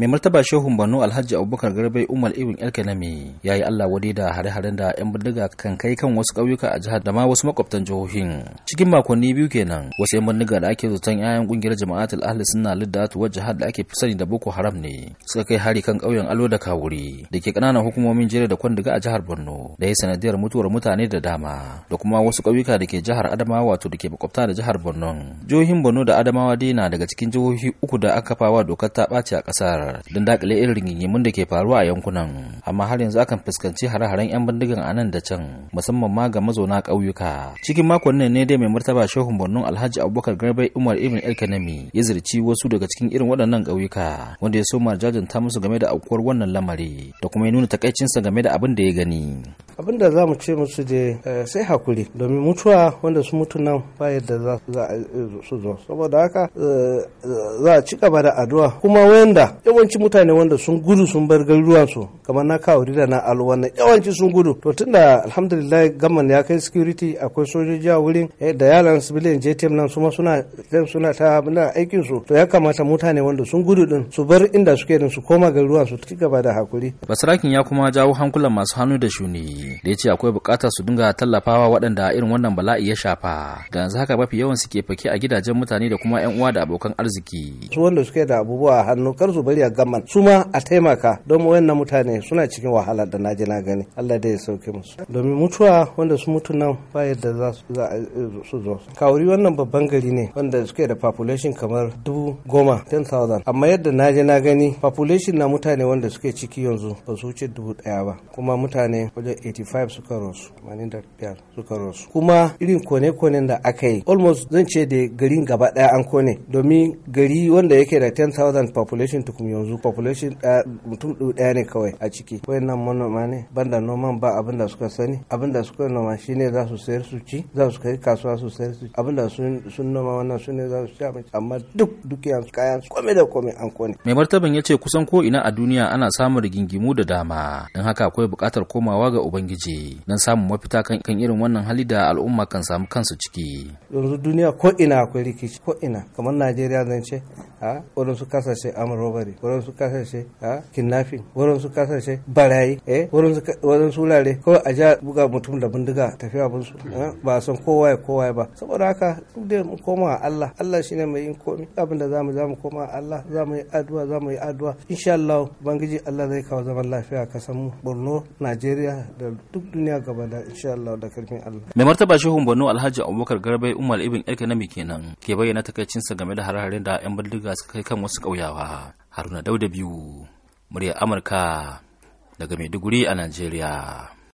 mai martaba shehun Borno Alhaji Abubakar Garbai Umar Ibn Elkanami ya yi Allah wadi da hare-haren da 'yan bindiga kan kai kan wasu ƙauyuka a jihar da ma wasu makwabtan jihohin. Cikin makonni biyu kenan wasu 'yan bindiga da ake zaton 'ya'yan ƙungiyar Al ahli suna liddatu wa jihar da ake sani da Boko Haram ne suka kai hari kan ƙauyen Alo da Kawuri da ke ƙananan hukumomin jere da kwandiga a jihar Borno da ya sanadiyar mutuwar mutane da dama da kuma wasu ƙauyuka da ke jihar Adamawa wato da ke makwabta da jihar Borno. Jihohin Borno da Adamawa dai na daga cikin jihohi uku da aka fawa dokar ta ɓaci a ƙasar. kasar don dakile irin rigingimin da ke faruwa a yankunan amma har yanzu akan fuskanci hare-haren 'yan bindigan a nan da can musamman ma ga mazauna ƙauyuka cikin makon nan ne dai mai martaba shehun borno alhaji abubakar garbai umar ibn elkanami ya zirci wasu daga cikin irin waɗannan ƙauyuka wanda ya so soma jajanta musu game da aukuwar wannan lamari da kuma ya nuna takaicinsa game da abin da ya gani da za mu ce musu je eh, sai hakuri domin mutuwa wanda su mutu nan ba yadda za su zo saboda haka eh, eh, za a ci gaba da addu'a kuma wanda yawanci mutane wanda sun gudu sun bar su, kamar na kawo da na alwana yawanci sun gudu to tunda alhamdulillah gamman ya kai security akwai sojoji a wurin da yalan civilian jtm nan suma suna suna ta aikin su to ya kamata mutane wanda sun gudu din su bar inda suke din su koma su ci gaba da hakuri basrakin ya kuma jawo hankulan masu hannu da shuni da ya ce akwai buƙatar su dinga tallafawa waɗanda irin wannan bala'i ya shafa da yanzu haka mafi yawan su ke fake a gidajen mutane da kuma yan uwa da abokan arziki su wanda suke da abubuwa a hannu kar su bari a gama su ma a taimaka don wayannan mutane suna cikin wahala da naji na gani Allah da ya sauke musu domin mutuwa wanda su mutu nan ba yadda za su zo kawuri wannan babban gari ne wanda suke da population kamar dubu goma 10,000 amma yadda na na gani population na mutane wanda suke ciki yanzu ba su wuce dubu daya ba kuma mutane wajen 85 suka rasu 85 suka rasu kuma irin kone-konen da aka yi almost zan ce da garin gaba daya an kone domin gari wanda yake da 10,000 population tukum yanzu population daya mutum daya ne kawai a ciki nan manoma ne banda noman ba abin da suka sani abin da suka noma shine za su sayar su ci za su kai kasuwa su sayar su ci abin da sun noma wannan su ne za su ci abinci amma duk dukiyar kayan kome da kome an kone mai martaban ya ce kusan ko ina a duniya ana samun rigingimu da dama don haka akwai bukatar komawa ga uban ubangiji don samun mafita kan irin wannan hali da al'umma kan samu kansu ciki yanzu duniya ko ina akwai rikici ko ina kamar najeriya zan ce a wurin su kasashe amur robbery wurin su kasashe a kidnapping wurin su kasashe barayi eh wurin su wurare ko a ja buga mutum da bindiga tafiya bin su ba san kowa ya kowa ba saboda haka duk da mu koma Allah Allah shine mai yin komai abin da zamu zamu koma Allah zamu yi addu'a zamu yi addu'a insha Allah ubangiji Allah zai kawo zaman lafiya a kasar mu Borno Najeriya da duk duniya gaba da insha Allah da karfin Allah mai martaba shehun Borno Alhaji Abubakar Garbai Umar Ibn kenan ke bayyana takaicinsa game da hararen da 'yan bindiga suka kai kan wasu ƙauyawa Haruna Dauda biyu muryar Amurka daga Maiduguri a Najeriya